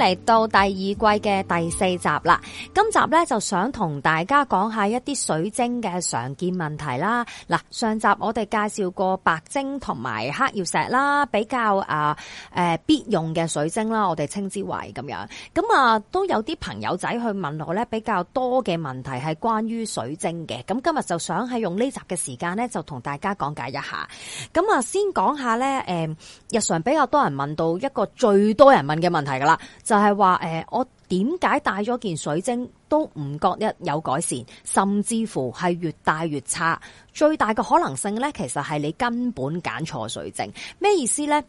嚟到第二季嘅第四集啦，今集呢就想同大家講一下一啲水晶嘅常見問題啦。嗱，上集我哋介紹過白晶同埋黑曜石啦，比較啊誒、呃呃、必用嘅水晶啦，我哋稱之為咁樣。咁、嗯、啊都有啲朋友仔去問我咧比較多嘅問題係關於水晶嘅，咁、嗯、今日就想係用呢集嘅時間呢，就同大家講解一下。咁、嗯、啊先講下呢誒、嗯、日常比較多人問到一個最多人問嘅問題噶啦。就係話誒，我點解戴咗件水晶都唔覺得有改善，甚至乎係越戴越差？最大嘅可能性呢，其實係你根本揀錯水晶。咩意思呢？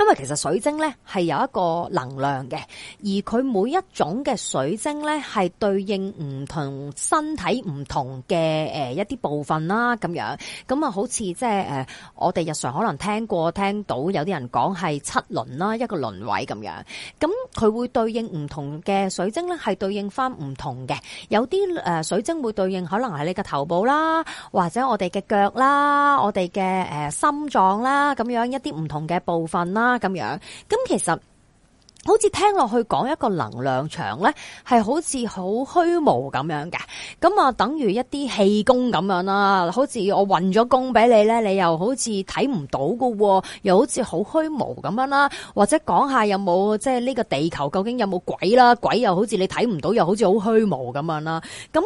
因為其實水晶咧，係有一個能量嘅，而佢每一種嘅水晶咧，係對應唔同身體唔同嘅誒一啲部分啦，咁樣咁啊，好似即係誒我哋日常可能聽過聽到有啲人講係七輪啦，一個輪位咁樣，咁佢會對應唔同嘅水晶咧，係對應翻唔同嘅，有啲誒水晶會對應可能係你嘅頭部啦，或者我哋嘅腳啦，我哋嘅誒心臟啦，咁樣一啲唔同嘅部分啦。啦咁樣，咁其實好似聽落去講一個能量場咧，係好似好虛無咁樣嘅。咁啊，等於一啲氣功咁樣啦，好似我運咗功俾你咧，你又好似睇唔到噶，又好似好虛無咁樣啦。或者講下有冇，即係呢個地球究竟有冇鬼啦？鬼又好似你睇唔到，又好似好虛無咁樣啦。咁。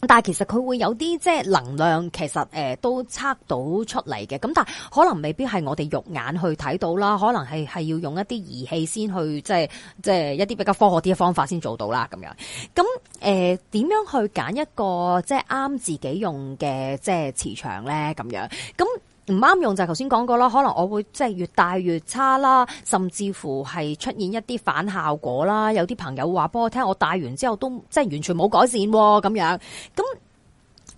但係其實佢會有啲即係能量，其實誒、呃、都測到出嚟嘅。咁但係可能未必係我哋肉眼去睇到啦，可能係係要用一啲儀器先去即係即係一啲比較科學啲嘅方法先做到啦咁樣。咁誒，點、呃、樣去揀一個即係啱自己用嘅即係磁場咧？咁樣咁。唔啱用就係頭先講過啦，可能我會即係越戴越差啦，甚至乎係出現一啲反效果啦。有啲朋友話俾我聽，我戴完之後都即係完全冇改善喎咁樣，咁。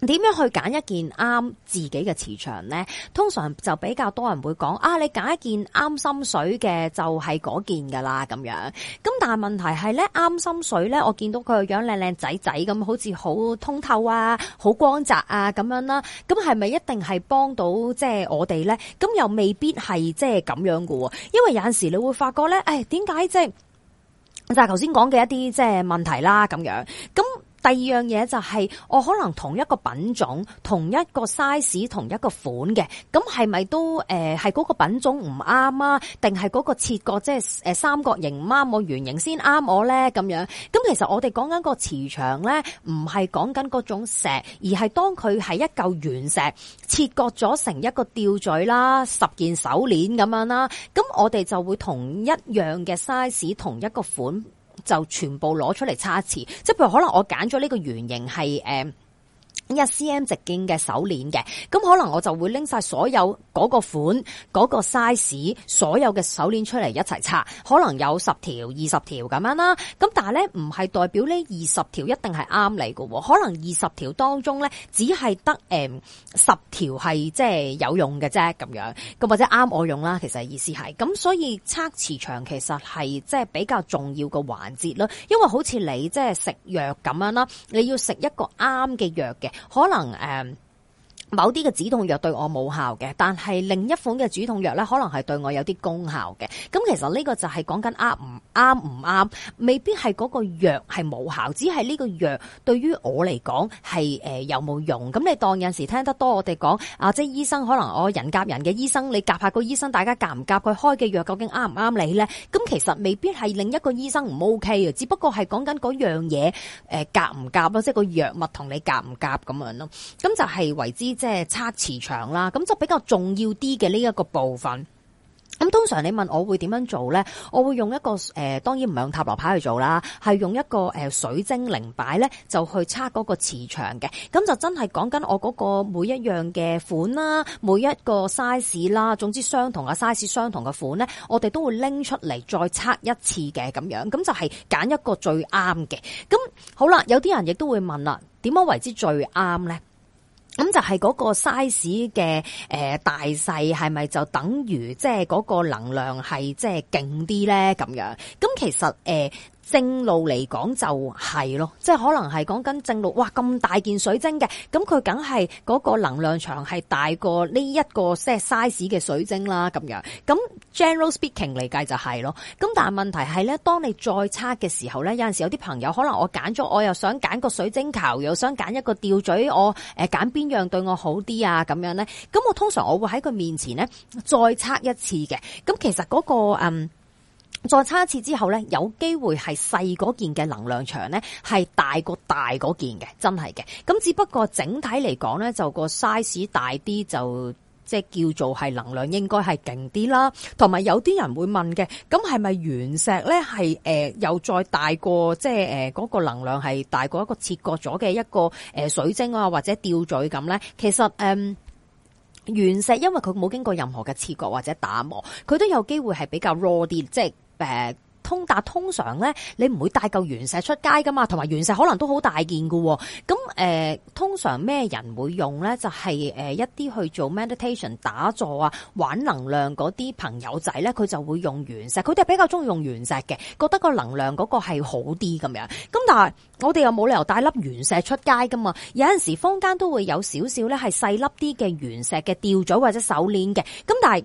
點樣去揀一件啱自己嘅磁場呢？通常就比較多人會講啊，你揀一件啱心水嘅就係嗰件噶啦咁樣。咁但係問題係咧，啱心水咧，我見到佢個樣靚靚仔仔咁，好似好通透啊，好光澤啊咁樣啦。咁係咪一定係幫到即係我哋呢？咁又未必係即係咁樣噶喎。因為有陣時你會發覺咧，誒，點解即係就係頭先講嘅一啲即係問題啦咁樣。咁第二樣嘢就係、是，我可能同一個品種、同一個 size、同一個款嘅，咁係咪都誒係嗰個品種唔啱啊？定係嗰個切割即係誒三角形唔啱我，圓形先啱我咧？咁樣，咁其實我哋講緊個磁場咧，唔係講緊嗰種石，而係當佢係一嚿原石切割咗成一個吊墜啦、十件手鏈咁樣啦，咁我哋就會同一樣嘅 size、同一個款。就全部攞出嚟，差池，即係譬如可能我揀咗呢個圓形係誒。Uh 一 cm 直徑嘅手鏈嘅，咁可能我就會拎晒所有嗰個款、嗰個 size、所有嘅手鏈出嚟一齊測，可能有十條、二十條咁樣啦。咁但係咧，唔係代表呢二十條一定係啱你嘅，可能二十條當中咧，只係得誒十條係即係有用嘅啫，咁樣咁或者啱我用啦。其實意思係咁，所以測磁場其實係即係比較重要嘅環節咯。因為好似你即係食藥咁樣啦，你要食一個啱嘅藥嘅。可能誒。某啲嘅止痛藥對我冇效嘅，但係另一款嘅止痛藥咧，可能係對我有啲功效嘅。咁其實呢個就係講緊啱唔啱唔啱，未必係嗰個藥係冇效，只係呢個藥對於我嚟講係誒有冇用。咁你當有陣時聽得多我哋講啊，即係醫生可能我人夾人嘅醫生，你夾下個醫生，大家夾唔夾佢開嘅藥，究竟啱唔啱你呢？咁其實未必係另一個醫生唔 OK 啊，只不過係講緊嗰樣嘢誒、呃、夾唔夾咯，即係個藥物同你夾唔夾咁樣咯。咁就係為之。即係測磁場啦，咁就比較重要啲嘅呢一個部分。咁通常你問我會點樣做咧？我會用一個誒、呃，當然唔係用塔羅牌去做啦，係用一個誒、呃、水晶靈擺咧，就去測嗰個磁場嘅。咁就真係講緊我嗰個每一樣嘅款啦，每一個 size 啦，總之相同嘅 size 相同嘅款咧，我哋都會拎出嚟再測一次嘅，咁樣咁就係揀一個最啱嘅。咁好啦，有啲人亦都會問啦，點樣為之最啱咧？咁就係嗰個 size 嘅誒、呃，大細係咪就等於即係嗰個能量係即係勁啲咧咁樣？咁其實誒。呃正路嚟講就係咯，即係可能係講緊正路，哇咁大件水晶嘅，咁佢梗係嗰個能量場係大過呢一個 size 嘅水晶啦，咁樣。咁 general speaking 嚟計就係咯，咁但係問題係咧，當你再測嘅時候咧，有陣時有啲朋友可能我揀咗，我又想揀個水晶球，又想揀一個吊墜，我誒揀邊樣對我好啲啊？咁樣咧，咁我通常我會喺佢面前咧再測一次嘅。咁其實嗰個嗯。再差一次之後咧，有機會係細嗰件嘅能量場咧係大過大嗰件嘅，真係嘅。咁只不過整體嚟講咧，就個 size 大啲就即係叫做係能量應該係勁啲啦。同埋有啲人會問嘅，咁係咪原石咧係誒又再大過即係誒嗰個能量係大過一個切割咗嘅一個誒水晶啊或者吊墜咁咧？其實誒、呃、原石因為佢冇經過任何嘅切割或者打磨，佢都有機會係比較弱啲，即係。誒，通但通常咧，你唔會帶嚿原石出街噶嘛，同埋原石可能都好大件嘅啊。咁，嗯、誒，通常咩人會用咧？就係、是、誒一啲去做 meditation 打坐啊，玩能量嗰啲朋友仔咧，佢就會用原石。佢哋係比較中意用原石嘅，覺得個能量嗰個係好啲咁樣。咁但係我哋又冇理由帶粒原石出街噶嘛。有陣時坊間都會有少少咧係細粒啲嘅原石嘅吊嘴或者手鏈嘅。咁但係。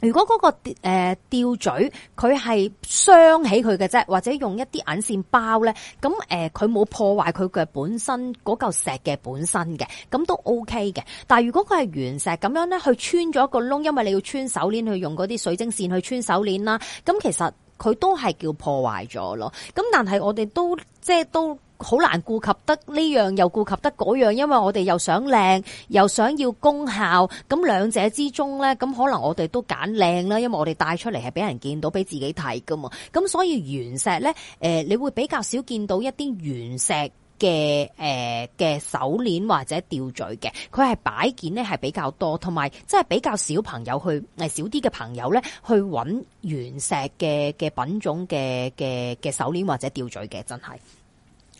如果嗰個誒吊嘴，佢係鑲起佢嘅啫，或者用一啲銀線包咧，咁誒佢冇破壞佢嘅本身嗰嚿石嘅本身嘅，咁都 OK 嘅。但係如果佢係原石咁樣咧，去穿咗一個窿，因為你要穿手鏈去用嗰啲水晶線去穿手鏈啦，咁其實佢都係叫破壞咗咯。咁但係我哋都即係都。好難顧及得呢樣又顧及得嗰樣，因為我哋又想靚，又想要功效，咁兩者之中咧，咁可能我哋都揀靚啦，因為我哋帶出嚟係俾人見到，俾自己睇噶嘛。咁所以原石咧，誒、呃，你會比較少見到一啲原石嘅誒嘅手鏈或者吊墜嘅，佢係擺件呢，係比較多，同埋即係比較少朋友去誒少啲嘅朋友咧去搵原石嘅嘅品種嘅嘅嘅手鏈或者吊墜嘅，真係。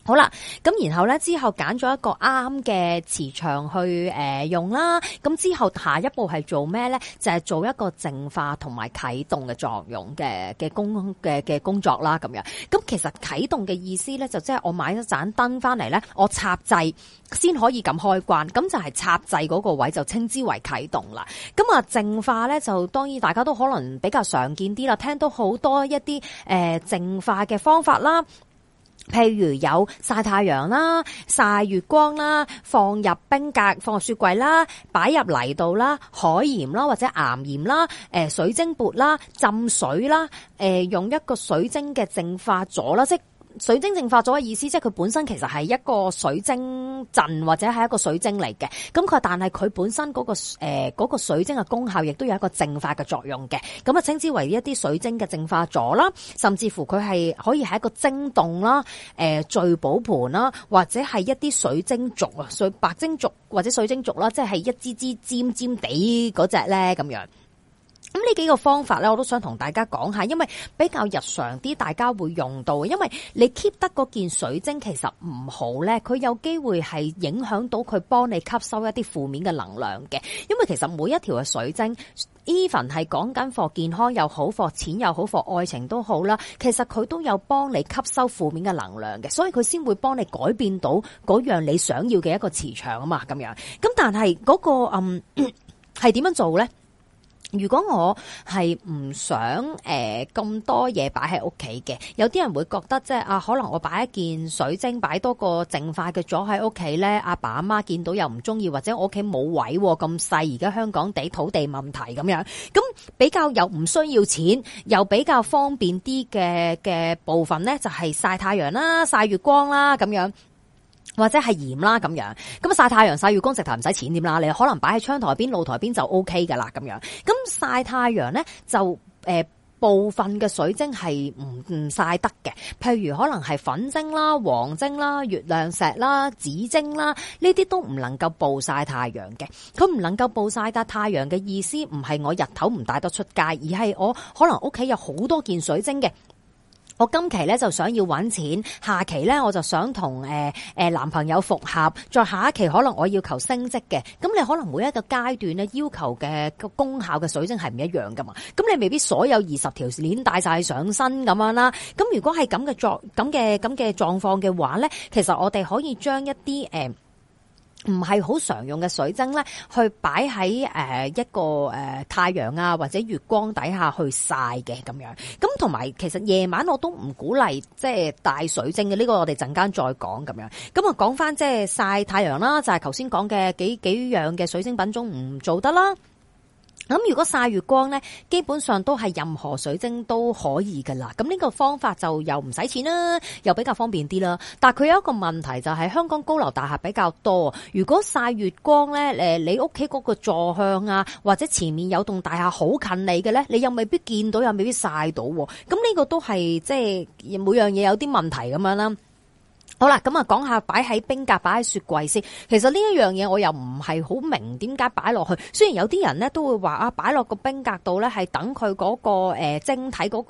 好啦，咁然後咧，之後揀咗一個啱嘅磁場去誒、呃、用啦。咁之後下一步係做咩咧？就係、是、做一個淨化同埋啟動嘅作用嘅嘅工嘅嘅工作啦。咁樣，咁其實啟動嘅意思咧，就即、是、係我買咗盞燈翻嚟咧，我插掣先可以咁開關。咁就係插掣嗰個位就稱之為啟動啦。咁、嗯、啊，淨化咧就當然大家都可能比較常見啲啦，聽到好多一啲誒、呃、淨化嘅方法啦。譬如有曬太陽啦、曬月光啦、放入冰格、放入雪櫃啦、擺入泥度啦、海鹽啦或者岩鹽啦、誒、呃、水晶缽啦、浸水啦、誒、呃、用一個水晶嘅淨化咗啦，即水晶淨化咗嘅意思，即係佢本身其實係一個水晶陣或者係一個水晶嚟嘅。咁佢但係佢本身嗰、嗰個誒、呃嗰個水晶嘅功效，亦都有一個淨化嘅作用嘅。咁啊，稱之為一啲水晶嘅淨化咗啦，甚至乎佢係可以係一個晶洞啦，誒、聚寶盆啦，或者係一啲水晶柱啊，水白晶柱或者水晶柱啦，即係一支支尖尖地嗰隻咧咁樣。咁呢幾個方法咧，我都想同大家講下，因為比較日常啲，大家會用到。因為你 keep 得嗰件水晶其實唔好咧，佢有機會係影響到佢幫你吸收一啲負面嘅能量嘅。因為其實每一條嘅水晶，even 係講緊貨健康又好，貨錢又好，貨愛情都好啦，其實佢都有幫你吸收負面嘅能量嘅，所以佢先會幫你改變到嗰樣你想要嘅一個磁場啊嘛，咁樣。咁但係嗰個嗯係點樣做咧？如果我係唔想誒咁、呃、多嘢擺喺屋企嘅，有啲人會覺得即係啊，可能我擺一件水晶，擺多個淨化嘅座喺屋企咧，阿爸阿媽見到又唔中意，或者我屋企冇位，咁細而家香港地土地問題咁樣，咁比較又唔需要錢，又比較方便啲嘅嘅部分咧，就係、是、曬太陽啦，曬月光啦咁樣。或者係鹽啦咁樣，咁曬太陽曬月光直頭唔使錢點啦，你可能擺喺窗台邊、露台邊就 OK 噶啦咁樣。咁曬太陽呢，就誒、呃，部分嘅水晶係唔曬得嘅，譬如可能係粉晶啦、黃晶啦、月亮石啦、紫晶啦，呢啲都唔能夠暴曬太陽嘅。佢唔能夠暴曬得太陽嘅意思唔係我日頭唔帶得出街，而係我可能屋企有好多件水晶嘅。我今期咧就想要揾錢，下期咧我就想同誒誒男朋友復合，再下一期可能我要求升職嘅，咁你可能每一個階段咧要求嘅個功效嘅水晶係唔一樣㗎嘛，咁你未必所有二十條鏈戴晒上身咁樣啦，咁如果係咁嘅狀咁嘅咁嘅狀況嘅話咧，其實我哋可以將一啲誒、呃唔係好常用嘅水晶咧，去擺喺誒一個誒太陽啊或者月光底下去曬嘅咁樣。咁同埋其實夜晚我都唔鼓勵即係帶水晶嘅，呢個我哋陣間再講咁樣。咁啊講返即係曬太陽啦，就係頭先講嘅幾幾樣嘅水晶品種唔做得啦。咁如果晒月光咧，基本上都係任何水晶都可以噶啦。咁呢個方法就又唔使錢啦，又比較方便啲啦。但係佢有一個問題，就係香港高樓大廈比較多。如果晒月光咧，誒你屋企嗰個坐向啊，或者前面有棟大廈好近你嘅咧，你又未必見到，又未必晒到。咁呢個都係即係每樣嘢有啲問題咁樣啦。好啦，咁啊，講下擺喺冰格，擺喺雪櫃先。其實呢一樣嘢，我又唔係好明點解擺落去。雖然有啲人呢都會話啊，擺落個冰格度呢，嗰個係等佢嗰個誒晶體嗰，嗰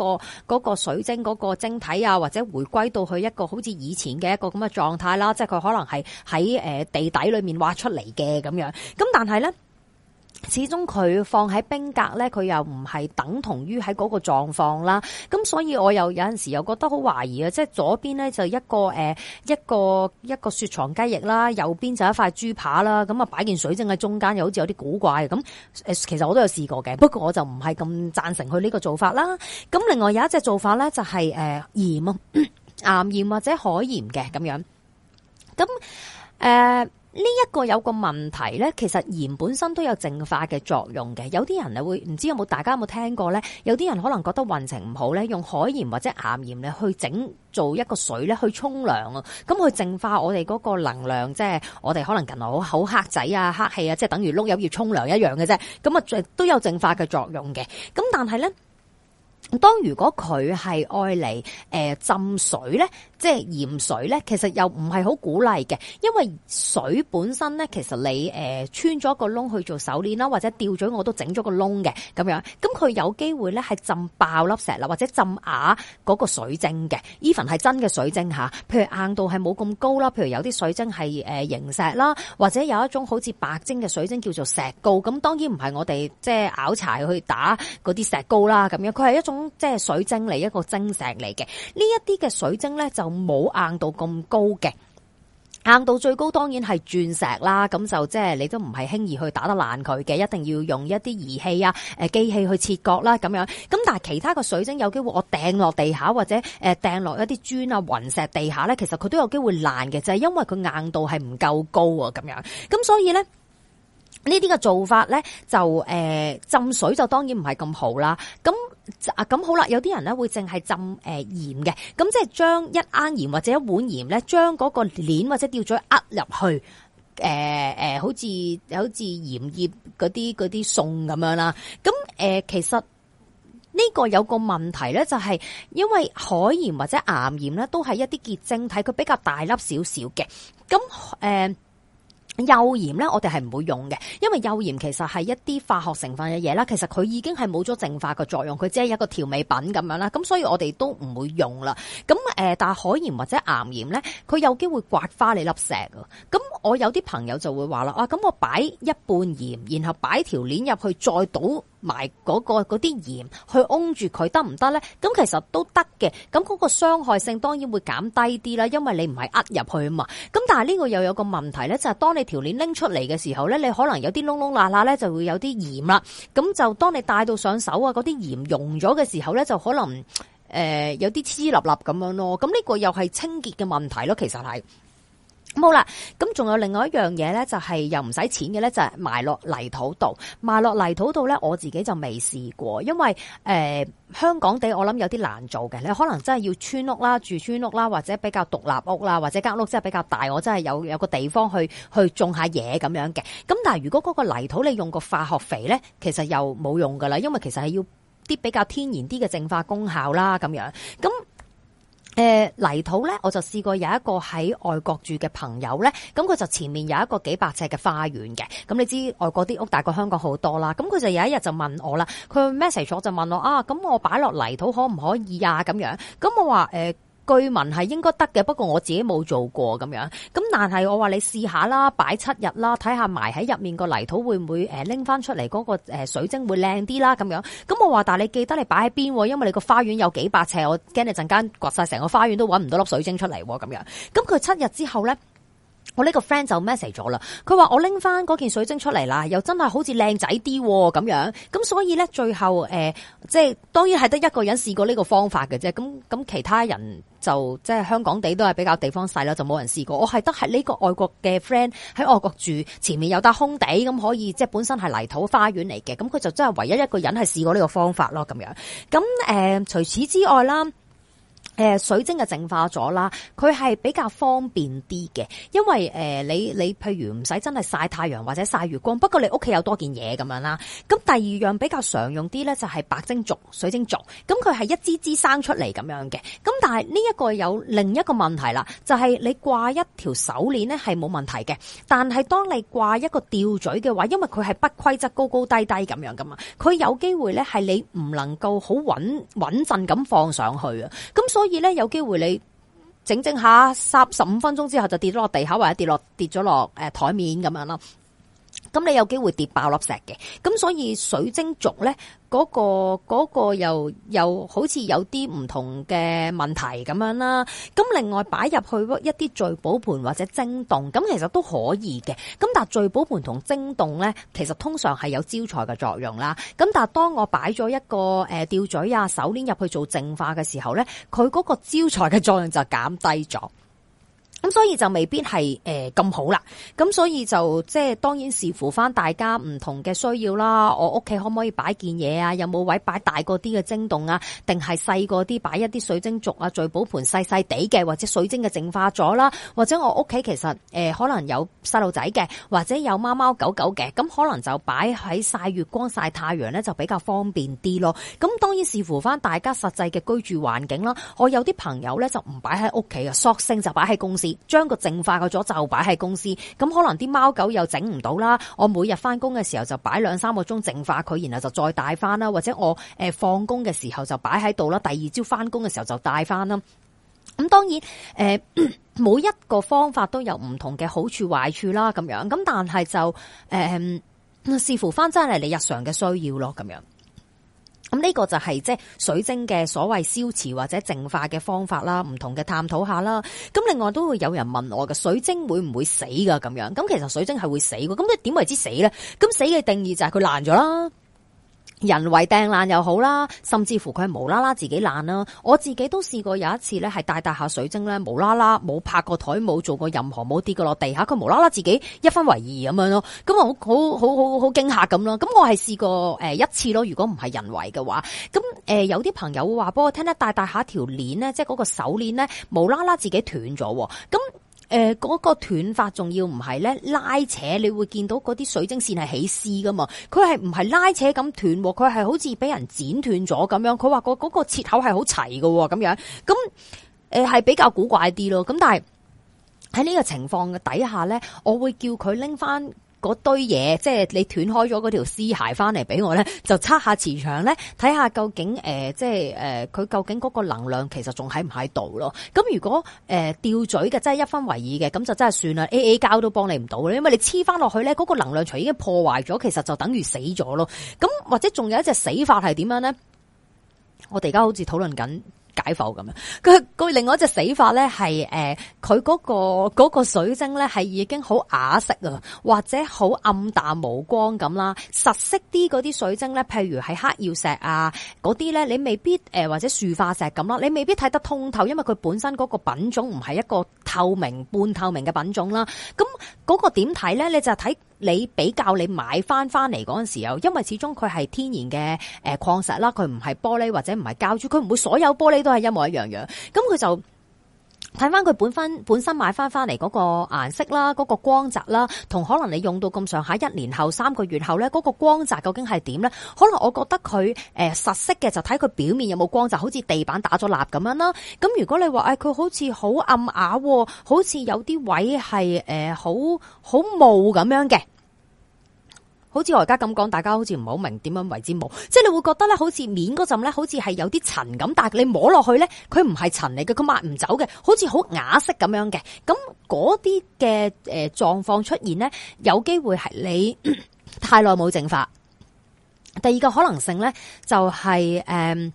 個，嗰個水晶嗰個晶體啊，或者回歸到去一個好似以前嘅一個咁嘅狀態啦。即係佢可能係喺誒地底裏面挖出嚟嘅咁樣。咁但係呢。始終佢放喺冰格咧，佢又唔係等同於喺嗰個狀況啦。咁所以我又有陣時又覺得好懷疑啊！即係左邊咧，就一個誒、呃、一個一個雪藏雞翼啦，右邊就一塊豬扒啦。咁啊，擺件水晶喺中間，又好似有啲古怪嘅。咁誒、呃，其實我都有試過嘅，不過我就唔係咁贊成佢呢個做法啦。咁另外有一隻做法咧，就係誒鹽啊，岩鹽、呃、 或者海鹽嘅咁樣。咁誒。呃呢一個有個問題呢，其實鹽本身都有淨化嘅作用嘅。有啲人啊會唔知有冇大家有冇聽過呢？有啲人可能覺得運程唔好呢，用海鹽或者岩鹽咧去整做一個水咧去沖涼啊，咁去淨化我哋嗰個能量，即係我哋可能近來好黑仔啊、黑氣啊，即係等於碌柚要沖涼一樣嘅啫。咁啊，都有淨化嘅作用嘅。咁但係呢。當如果佢係愛嚟誒浸水咧，即係鹽水咧，其實又唔係好鼓勵嘅，因為水本身咧，其實你誒、呃、穿咗個窿去做手鏈啦，或者吊墜，我都整咗個窿嘅咁樣，咁佢有機會咧係浸爆粒石啦，或者浸啞嗰個水晶嘅，even 係真嘅水晶吓，譬如硬度係冇咁高啦，譬如有啲水晶係誒螢石啦，或者有一種好似白晶嘅水晶叫做石膏，咁當然唔係我哋即係拗柴去打嗰啲石膏啦，咁樣佢係一種。即係水晶嚟，一個晶石嚟嘅，呢一啲嘅水晶咧就冇硬度咁高嘅，硬度最高當然係鑽石啦，咁就即係你都唔係輕易去打得爛佢嘅，一定要用一啲儀器啊、誒機器去切割啦咁樣。咁但係其他個水晶有機會我掟落地下或者誒掟落一啲磚啊、雲石地下咧，其實佢都有機會爛嘅，就係因為佢硬度係唔夠高啊咁樣。咁所以咧。呢啲嘅做法咧，就誒、呃、浸水就當然唔係咁好啦。咁啊咁好啦，有啲人咧會淨係浸誒、呃、鹽嘅。咁即係將一羹鹽或者一碗鹽咧，將嗰個鏈或者吊嘴呃入去。誒、呃、誒、呃，好似好似鹽葉嗰啲啲餸咁樣啦。咁誒、呃，其實呢個有個問題咧，就係、是、因為海鹽或者岩鹽咧，都係一啲結晶體，佢比較大粒少少嘅。咁誒。呃幼鹽咧，我哋係唔會用嘅，因為幼鹽其實係一啲化學成分嘅嘢啦，其實佢已經係冇咗淨化嘅作用，佢只係一個調味品咁樣啦，咁所以我哋都唔會用啦。咁誒、呃，但係海鹽或者岩鹽咧，佢有機會刮花你粒石噶。咁我有啲朋友就會話啦，啊，咁我擺一半鹽，然後擺條鏈入去再倒。埋嗰、那個嗰啲鹽去擁住佢得唔得呢？咁其實都得嘅，咁、那、嗰個傷害性當然會減低啲啦，因為你唔係呃入去嘛。咁但係呢個又有個問題呢，就係、是、當你條鏈拎出嚟嘅時候呢，你可能有啲窿窿罅罅呢，就會有啲鹽啦。咁就當你戴到上手啊，嗰啲鹽溶咗嘅時候呢，就可能誒、呃、有啲黐黐立立咁樣咯。咁呢個又係清潔嘅問題咯，其實係。冇啦，咁仲有另外一樣嘢咧，就係又唔使錢嘅咧，就係埋落泥土度，埋落泥土度咧，我自己就未試過，因為誒、呃、香港地，我諗有啲難做嘅，你可能真係要村屋啦，住村屋啦，或者比較獨立屋啦，或者間屋真係比較大，我真係有有個地方去去種下嘢咁樣嘅。咁但係如果嗰個泥土你用個化學肥咧，其實又冇用噶啦，因為其實係要啲比較天然啲嘅淨化功效啦，咁樣咁。誒、呃、泥土咧，我就試過有一個喺外國住嘅朋友咧，咁佢就前面有一個幾百尺嘅花園嘅，咁你知外國啲屋大過香港好多啦，咁佢就有一日就問我啦，佢 message 咗就問我啊，咁我擺落泥土可唔可以啊？咁樣，咁我話誒、呃據聞係應該得嘅，不過我自己冇做過咁樣。咁但係我話你試下啦，擺七日啦，睇下埋喺入面個泥土會唔會誒拎翻出嚟嗰個誒水晶會靚啲啦咁樣。咁我話但係你記得你擺喺邊，因為你個花園有幾百尺，我驚你陣間掘晒成個花園都揾唔到粒水晶出嚟咁樣。咁佢七日之後咧。我呢個 friend 就 message 咗啦，佢話我拎翻嗰件水晶出嚟啦，又真係好似靚仔啲咁樣，咁所以咧最後誒、呃，即係當然係得一個人試過呢個方法嘅啫，咁咁其他人就即係香港地都係比較地方細啦，就冇人試過。我係得係呢個外國嘅 friend 喺外國住，前面有得空地咁可以，即係本身係泥土花園嚟嘅，咁佢就真係唯一一個人係試過呢個方法咯咁樣。咁、呃、誒，除此之外啦。誒水晶嘅淨化咗啦，佢係比較方便啲嘅，因為誒、呃、你你譬如唔使真係曬太陽或者曬月光，不過你屋企有多件嘢咁樣啦。咁第二樣比較常用啲咧就係白晶簇、水晶簇，咁佢係一支支生出嚟咁樣嘅。咁但係呢一個有另一個問題啦，就係、是、你掛一條手鏈咧係冇問題嘅，但係當你掛一個吊墜嘅話，因為佢係不規則高高低低咁樣噶嘛，佢有機會咧係你唔能夠好穩穩陣咁放上去啊。咁所以所以咧，有機會你整整下三十五分鐘之後，就跌咗落地下，或者跌落跌咗落誒台面咁樣咯。咁你有機會跌爆粒石嘅，咁所以水晶族咧嗰個、嗰個又又好似有啲唔同嘅問題咁樣啦。咁另外擺入去一啲聚寶盆或者晶洞，咁其實都可以嘅。咁但係聚寶盆同晶洞咧，其實通常係有招財嘅作用啦。咁但係當我擺咗一個誒吊嘴啊手鏈入去做淨化嘅時候咧，佢嗰個招財嘅作用就減低咗。咁、嗯、所以就未必係誒咁好啦。咁、嗯、所以就即係當然視乎翻大家唔同嘅需要啦。我屋企可唔可以擺件嘢啊？有冇位擺大個啲嘅晶洞啊？定係細個啲擺一啲水晶簇啊、聚寶盆細細地嘅，或者水晶嘅淨化咗啦？或者我屋企其實誒、呃、可能有細路仔嘅，或者有貓貓狗狗嘅，咁、嗯、可能就擺喺晒月光晒太陽咧就比較方便啲咯。咁、嗯、當然視乎翻大家實際嘅居住環境啦。我有啲朋友咧就唔擺喺屋企嘅，索性就擺喺公司。將個淨化個咗就擺喺公司，咁可能啲貓狗又整唔到啦。我每日翻工嘅時候就擺兩三個鐘淨化佢，然後就再帶翻啦。或者我誒放工嘅時候就擺喺度啦，第二朝翻工嘅時候就帶翻啦。咁當然誒、呃，每一個方法都有唔同嘅好處壞處啦。咁樣咁但係就誒呃、視乎翻真係你日常嘅需要咯。咁樣。咁呢個就係即係水晶嘅所謂消磁或者淨化嘅方法啦，唔同嘅探討下啦。咁另外都會有人問我嘅，水晶會唔會死噶？咁樣咁其實水晶係會死嘅。咁咧點為之死咧？咁死嘅定義就係佢爛咗啦。人為掟爛又好啦，甚至乎佢係無啦啦自己爛啦。我自己都試過有一次咧，係戴戴下水晶咧，無啦啦冇拍過台，冇做過任何冇跌過落地下佢無啦啦自己一分為二咁樣咯。咁我好好好好好驚吓咁咯。咁我係試過誒一次咯。如果唔係人為嘅話，咁誒有啲朋友會話俾我聽咧，戴戴下條鏈咧，即係嗰個手鏈呢，無啦啦自己斷咗咁。誒，嗰、呃嗰個斷法仲要唔係咧？拉扯你會見到嗰啲水晶線係起絲噶嘛？佢係唔係拉扯咁斷？佢係好似俾人剪斷咗咁樣。佢話個嗰個切口係好齊噶咁樣。咁誒係比較古怪啲咯。咁但係喺呢個情況嘅底下咧，我會叫佢拎翻。嗰堆嘢，即係你斷開咗嗰條絲鞋翻嚟，俾我咧，就測下磁場咧，睇下究竟誒、呃，即係誒，佢、呃、究竟嗰個能量其實仲喺唔喺度咯？咁如果誒掉、呃、嘴嘅，真係一分為二嘅，咁就真係算啦，A A 膠都幫你唔到嘅，因為你黐翻落去咧，嗰、嗰個能量場已經破壞咗，其實就等於死咗咯。咁或者仲有一隻死法係點樣咧？我哋而家好似討論緊。解剖咁樣，佢佢另外一隻死法咧係誒，佢、呃、嗰、嗰個、嗰個水晶咧係已經好啞色啊，或者好暗淡無光咁啦。實色啲嗰啲水晶咧，譬如係黑曜石啊嗰啲咧，你未必誒，或者樹化石咁啦，你未必睇得通透，因為佢本身嗰個品種唔係一個透明半透明嘅品種啦。咁嗰個點睇咧？你就睇。你比較你買翻翻嚟嗰陣時候，又因為始終佢係天然嘅誒礦石啦，佢唔係玻璃或者唔係膠珠，佢唔會所有玻璃都係一模一樣樣，咁佢就，睇翻佢本分本身買翻翻嚟嗰個顏色啦，嗰、那個光澤啦，同可能你用到咁上下一年後三個月後咧，嗰、那個光澤究竟係點咧？可能我覺得佢誒、呃、實色嘅，就睇佢表面有冇光澤，好似地板打咗蠟咁樣啦。咁如果你話誒佢好似好暗啞、哦，好似有啲位係誒、呃、好好霧咁樣嘅。好似我而家咁講，大家好似唔係好明點樣為之冇。即係你會覺得咧，好似面嗰陣咧，好似係有啲塵咁，但係你摸落去咧，佢唔係塵嚟嘅，佢抹唔走嘅，好似好啞色咁樣嘅。咁嗰啲嘅誒狀況出現咧，有機會係你 太耐冇淨化。第二個可能性咧，就係誒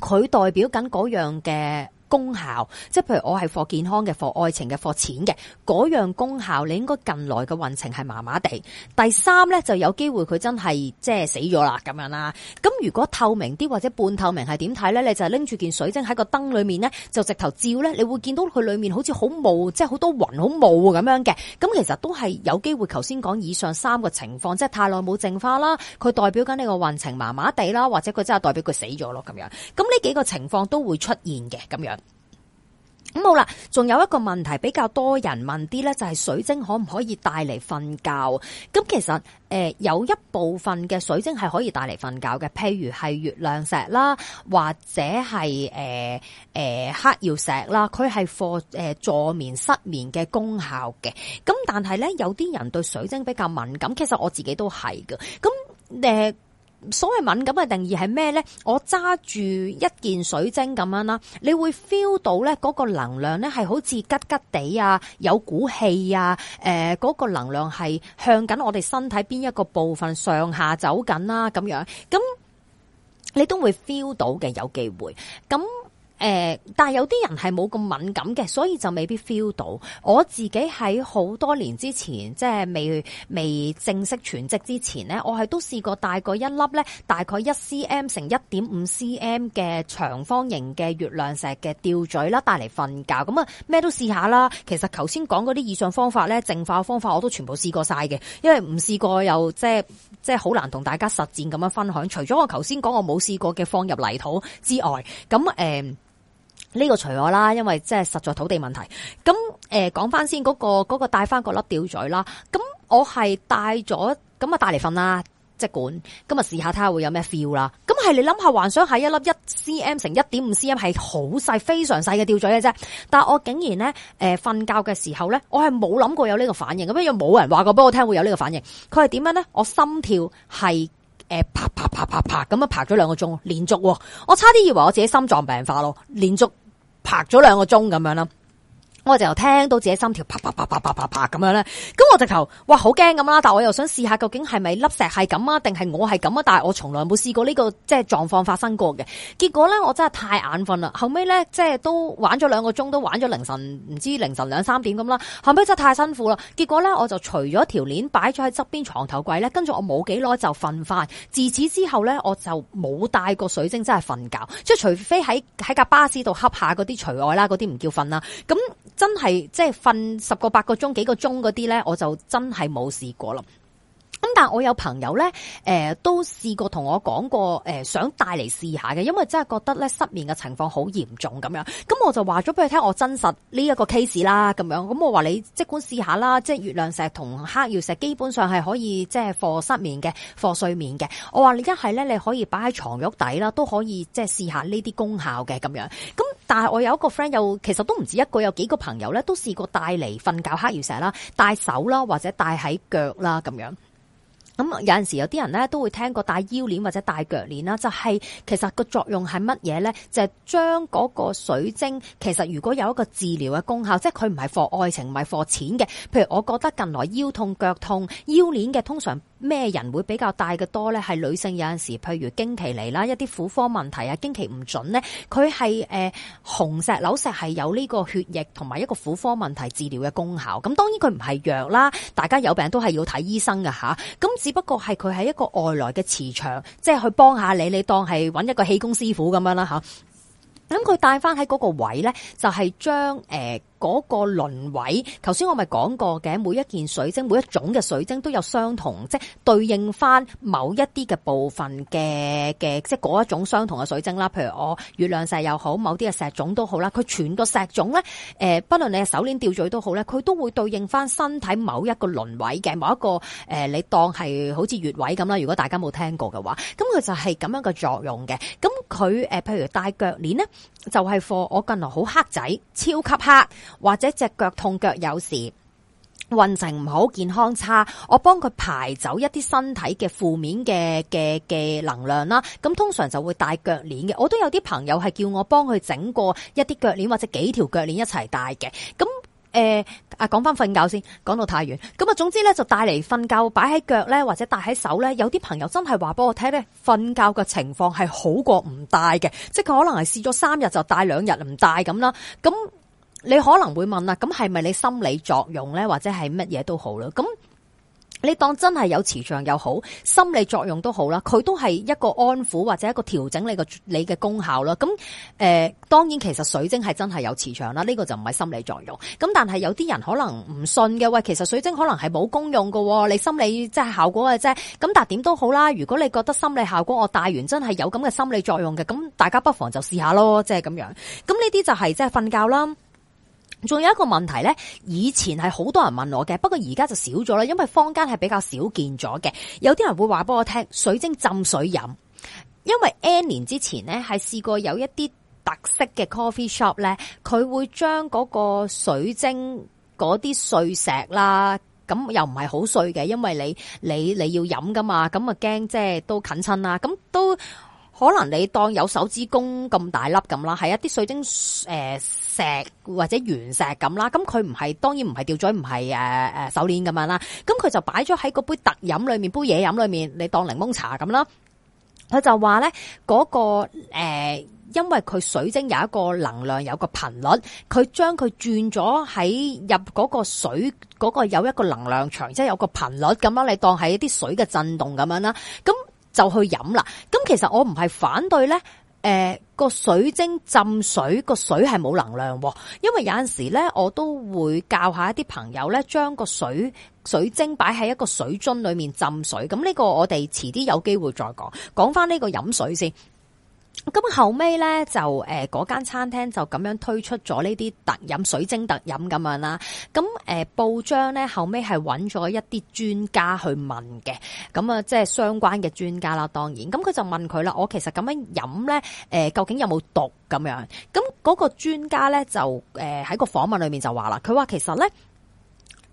佢代表緊嗰樣嘅。功效，即係譬如我係 for 健康嘅、for 愛情嘅、for 錢嘅嗰樣功效，你應該近來嘅運程係麻麻地。第三呢，就有機會佢真係即係死咗啦咁樣啦。咁如果透明啲或者半透明係點睇呢？你就拎住件水晶喺個燈裏面呢，就直頭照呢，你會見到佢裏面好似好霧，即係好多雲好霧咁樣嘅。咁其實都係有機會，頭先講以上三個情況，即係太耐冇淨化啦，佢代表緊你個運程麻麻地啦，或者佢真係代表佢死咗咯咁樣。咁呢幾個情況都會出現嘅咁樣。咁、嗯、好啦，仲有一個問題比較多人問啲咧，就係、是、水晶可唔可以帶嚟瞓覺？咁、嗯、其實誒、呃，有一部分嘅水晶係可以帶嚟瞓覺嘅，譬如係月亮石啦，或者係誒誒黑曜石啦，佢係有誒助眠失眠嘅功效嘅。咁、嗯、但係咧，有啲人對水晶比較敏感，其實我自己都係嘅。咁、嗯、誒。呃所謂敏感嘅定義係咩咧？我揸住一件水晶咁樣啦，你會 feel 到咧嗰個能量咧係好似吉吉地啊，有股氣啊，誒、呃，嗰、那個能量係向緊我哋身體邊一個部分上下走緊啦、啊，咁樣，咁你都會 feel 到嘅，有機會咁。誒，但係有啲人係冇咁敏感嘅，所以就未必 feel 到。我自己喺好多年之前，即係未未正式全職之前呢，我係都試過帶過一粒呢，大概一 cm 乘一點五 cm 嘅長方形嘅月亮石嘅吊墜啦，帶嚟瞓覺。咁啊，咩都試下啦。其實頭先講嗰啲以上方法呢，淨化方法我都全部試過晒嘅，因為唔試過又即係即係好難同大家實戰咁樣分享。除咗我頭先講我冇試過嘅放入泥土之外，咁誒。呃呢個除我啦，因為即係實在土地問題。咁誒，講、呃、翻先嗰個嗰個帶翻個粒吊墜啦。咁我係帶咗，咁啊帶嚟瞓啦，即管。咁咪試下睇下會有咩 feel 啦。咁係你諗下幻想係一粒一 cm 乘一點五 cm 係好細，非常細嘅吊墜嘅啫。但係我竟然咧，誒瞓覺嘅時候咧，我係冇諗過有呢個反應。咁因為冇人話過俾我聽會有呢個反應。佢係點樣咧？我心跳係。誒，啪啪啪啪啪咁啊，拍咗兩個鐘，連續、哦，我差啲以為我自己心臟病發咯，連續拍咗兩個鐘咁樣啦。我就頭聽到自己心跳啪啪啪啪啪啪啪咁樣咧，咁我直頭哇好驚咁啦，但係我又想試下究竟係咪粒石係咁啊，定係我係咁啊？但係我從來冇試過呢個即係狀況發生過嘅。結果咧，我真係太眼瞓啦。後尾咧，即係都玩咗兩個鐘，都玩咗凌晨唔知凌晨兩三點咁啦。後尾真係太辛苦啦。結果咧，我就除咗條鏈擺咗喺側邊床頭櫃咧，跟住我冇幾耐就瞓翻。自此之後咧，我就冇帶過水晶真係瞓覺，即係除非喺喺架巴士度恰下嗰啲除外啦，嗰啲唔叫瞓啦。咁。真係即係瞓十個八個鐘幾個鐘嗰啲咧，我就真係冇試過咯。咁但係我有朋友咧，誒、呃、都試過同我講過，誒、呃、想帶嚟試下嘅，因為真係覺得咧失眠嘅情況好嚴重咁樣。咁我就話咗俾佢聽，我真實呢一個 case 啦，咁樣。咁我話你即管試下啦，即係月亮石同黑曜石基本上係可以即係助失眠嘅、助睡眠嘅。我話你一係咧，你可以擺喺床褥底啦，都可以即係試下呢啲功效嘅咁樣。咁但係我有一個 friend 又其實都唔止一個，有幾個朋友咧都試過帶嚟瞓覺黑曜石啦，戴手啦或者戴喺腳啦咁樣。咁、嗯、有陣時有啲人咧都會聽過戴腰鏈或者戴腳鏈啦，就係、是、其實個作用係乜嘢咧？就係將嗰個水晶，其實如果有一個治療嘅功效，即係佢唔係防愛情，唔係防錢嘅。譬如我覺得近來腰痛、腳痛、腰鏈嘅通常。咩人會比較大嘅多咧？係女性有陣時，譬如經期嚟啦，一啲婦科問題啊，經期唔準咧，佢係誒紅石榴石係有呢個血液同埋一個婦科問題治療嘅功效。咁當然佢唔係藥啦，大家有病都係要睇醫生嘅吓。咁只不過係佢係一個外來嘅磁場，即係去幫下你，你當係揾一個氣功師傅咁樣啦吓。咁佢帶翻喺嗰個位咧，就係將誒。嗰個輪位，頭先我咪講過嘅，每一件水晶，每一種嘅水晶都有相同，即係對應翻某一啲嘅部分嘅嘅，即係嗰一種相同嘅水晶啦。譬如我月亮石又好，某啲嘅石種都好啦。佢全個石種咧，誒、呃，不論你係手鏈吊嘴、吊墜都好咧，佢都會對應翻身體某一個輪位嘅某一個誒、呃，你當係好似穴位咁啦。如果大家冇聽過嘅話，咁佢就係咁樣嘅作用嘅。咁佢誒，譬如戴腳鏈咧。就係貨，我近來好黑仔，超級黑，或者隻腳痛腳，有時運程唔好，健康差，我幫佢排走一啲身體嘅負面嘅嘅嘅能量啦。咁通常就會戴腳鏈嘅，我都有啲朋友係叫我幫佢整過一啲腳鏈或者幾條腳鏈一齊戴嘅，咁。誒，啊、呃，講翻瞓覺先，講到太遠，咁啊，總之咧就帶嚟瞓覺，擺喺腳咧或者帶喺手咧，有啲朋友真係話畀我睇咧，瞓覺嘅情況係好過唔帶嘅，即係佢可能係試咗三日就帶兩日唔帶咁啦，咁你可能會問啦，咁係咪你心理作用咧？或者係乜嘢都好啦，咁。你當真係有磁場又好，心理作用都好啦，佢都係一個安撫或者一個調整你個你嘅功效啦。咁誒，當然其實水晶係真係有磁場啦，呢個就唔係心理作用。咁但係有啲人可能唔信嘅，喂，其實水晶可能係冇功用噶，你心理即係效果嘅啫。咁但係點都好啦，如果你覺得心理效果，我戴完真係有咁嘅心理作用嘅，咁大家不妨就試下咯，即係咁樣。咁呢啲就係即係瞓覺啦。仲有一個問題呢，以前係好多人問我嘅，不過而家就少咗啦，因為坊間係比較少見咗嘅。有啲人會話俾我聽，水晶浸水飲，因為 N 年之前呢係試過有一啲特色嘅 coffee shop 呢，佢會將嗰個水晶嗰啲碎石啦，咁又唔係好碎嘅，因為你你你要飲噶嘛，咁啊，驚即係都近親啦，咁都。可能你當有手指公咁大粒咁啦，係一啲水晶誒石、呃、石或者原石咁啦，咁佢唔係，當然唔係吊墜，唔係誒誒手鏈咁樣啦，咁佢就擺咗喺嗰杯特飲裏面，杯嘢飲裏面，你當檸檬茶咁啦。佢就話咧，嗰、嗰個誒、呃，因為佢水晶有一個能量，有個頻率，佢將佢轉咗喺入嗰個水嗰個有一個能量場，即、就、係、是、有個頻率咁啦，你當係一啲水嘅震動咁樣啦，咁。嗯就去飲啦。咁其實我唔係反對呢，誒個水晶浸水，個水係冇能量喎，因為有陣時呢我都會教下一啲朋友呢，將個水水晶擺喺一個水樽裏面浸水。咁呢個我哋遲啲有機會再講。講翻呢個飲水先。咁後尾咧就，誒嗰間餐廳就咁樣推出咗呢啲特飲，水晶特飲咁樣啦。咁誒報章咧後尾係揾咗一啲專家去問嘅。咁啊，即係相關嘅專家啦，當然。咁佢就問佢啦，我其實咁樣飲咧，誒，究竟有冇毒咁樣？咁、那、嗰個專家咧就誒喺個訪問裏面就話啦，佢話其實咧誒。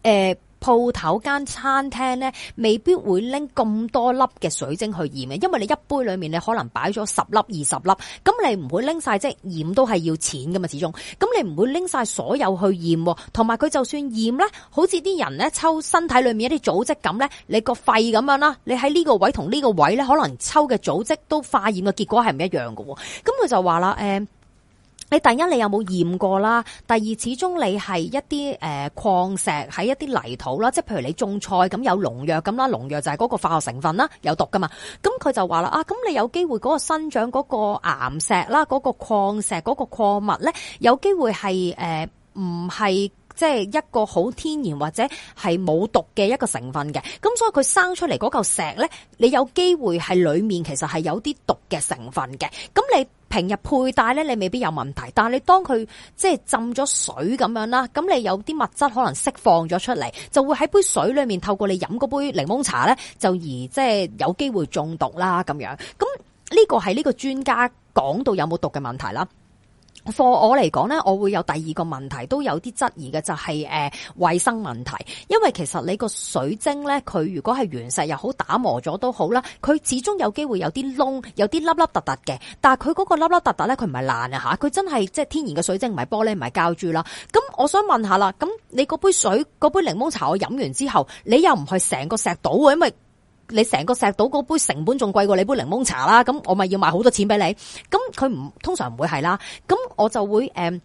欸鋪頭間餐廳呢，未必會拎咁多粒嘅水晶去驗嘅，因為你一杯裏面你可能擺咗十粒、二十粒，咁你唔會拎晒啫。驗都係要錢噶嘛，始終，咁你唔會拎晒所有去驗，同埋佢就算驗呢，好似啲人呢抽身體裏面一啲組織咁呢，你個肺咁樣啦，你喺呢個位同呢個位呢，可能抽嘅組織都化驗嘅結果係唔一樣噶。咁佢就話啦，誒、欸。你第一，你有冇驗過啦？第二，始終你係一啲誒、呃、礦石喺一啲泥土啦，即係譬如你種菜咁有農藥咁啦，農藥就係嗰個化學成分啦，有毒噶嘛。咁佢就話啦啊，咁你有機會嗰個生長嗰個岩石啦，嗰、嗰個礦石嗰、嗰個礦物咧，有機會係誒唔係。呃即係一個好天然或者係冇毒嘅一個成分嘅，咁所以佢生出嚟嗰嚿石咧，你有機會係裏面其實係有啲毒嘅成分嘅。咁你平日佩戴咧，你未必有問題，但係你當佢即係浸咗水咁樣啦，咁你有啲物質可能釋放咗出嚟，就會喺杯水裏面透過你飲嗰杯檸檬茶咧，就而即係有機會中毒啦咁樣。咁呢個係呢個專家講到有冇毒嘅問題啦。貨我嚟講咧，我會有第二個問題，都有啲質疑嘅，就係誒，衛生問題。因為其實你個水晶咧，佢如果係原石又好，打磨咗都好啦，佢始終有機會有啲窿，有啲凹凹凸凸嘅。但係佢嗰個凹凹凸凸咧，佢唔係爛啊吓，佢真係即係天然嘅水晶，唔係玻璃，唔係膠珠啦。咁我想問下啦，咁你嗰杯水，嗰杯檸檬茶，我飲完之後，你又唔係成個石倒喎，因為。你成個石島嗰杯，成本仲貴過你杯檸檬茶啦，咁我咪要買好多錢俾你，咁佢唔通常唔會係啦，咁我就會誒。Um,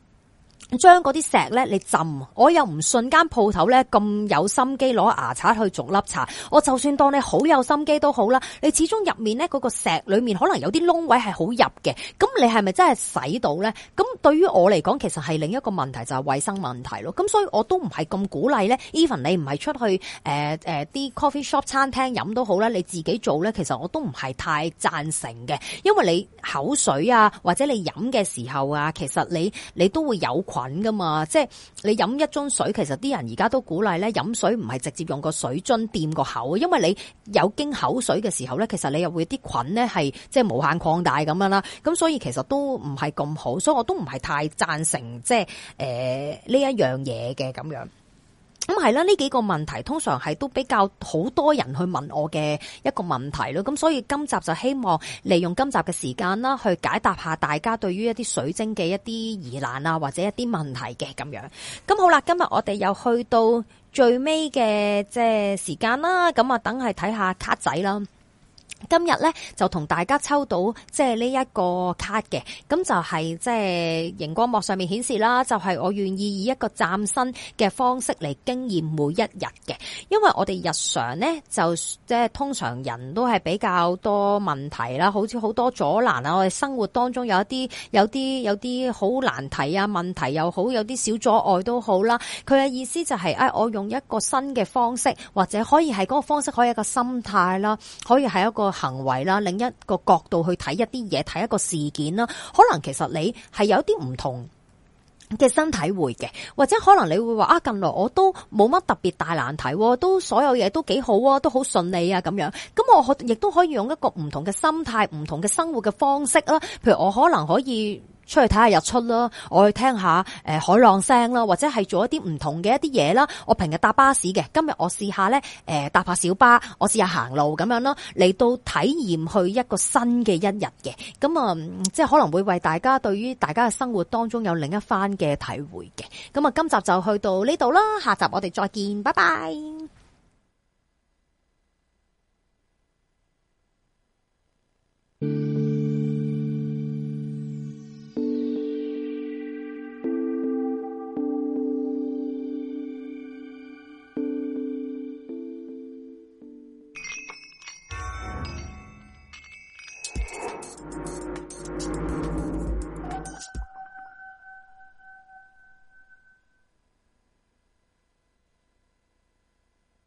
將嗰啲石咧，你浸，我又唔信間鋪頭咧咁有心機攞牙刷去逐粒茶。我就算當你好有心機都好啦，你始終入面咧嗰個石裏面可能有啲窿位係好入嘅，咁你係咪真係洗到咧？咁對於我嚟講，其實係另一個問題就係衛生問題咯。咁所以我都唔係咁鼓勵咧。Even 你唔係出去誒誒啲 coffee shop 餐廳飲都好啦，你自己做咧，其實我都唔係太讚成嘅，因為你口水啊，或者你飲嘅時候啊，其實你你都會有。菌噶嘛，即係你飲一樽水，其實啲人而家都鼓勵咧，飲水唔係直接用個水樽掂個口，因為你有經口水嘅時候咧，其實你又會啲菌咧係即係無限擴大咁樣啦，咁所以其實都唔係咁好，所以我都唔係太贊成即係誒呢一樣嘢嘅咁樣。咁係啦，呢、嗯、幾個問題通常係都比較好多人去問我嘅一個問題咯，咁、嗯、所以今集就希望利用今集嘅時間啦，去解答下大家對於一啲水晶嘅一啲疑難啊，或者一啲問題嘅咁樣。咁、嗯、好啦，今日我哋又去到最尾嘅即係時間啦，咁、嗯、啊等係睇下卡仔啦。今日咧就同大家抽到即係呢一個卡嘅，咁就係、是、即係熒光幕上面顯示啦，就係、是、我願意以一個嶄新嘅方式嚟經驗每一日嘅，因為我哋日常呢，就即係通常人都係比較多問題啦，好似好多阻攔啊，我哋生活當中有一啲有啲有啲好難題啊問題又好，有啲小阻礙都好啦。佢嘅意思就係、是、誒、哎、我用一個新嘅方式，或者可以係個方式，可以一個心態啦，可以係一個。個行為啦，另一個角度去睇一啲嘢，睇一個事件啦，可能其實你係有啲唔同嘅身體會嘅，或者可能你會話啊，近來我都冇乜特別大難題，都所有嘢都幾好啊，都好順利啊，咁樣，咁我可亦都可以用一個唔同嘅心態、唔同嘅生活嘅方式啦，譬如我可能可以。出去睇下日出咯，我去聽下誒、呃、海浪聲啦，或者係做一啲唔同嘅一啲嘢啦。我平日搭巴士嘅，今日我試下呢，誒、呃、搭下小巴，我試下行路咁樣咯，嚟到體驗去一個新嘅一日嘅。咁啊、呃，即係可能會為大家對於大家嘅生活當中有另一番嘅體會嘅。咁啊，今集就去到呢度啦，下集我哋再見，拜拜。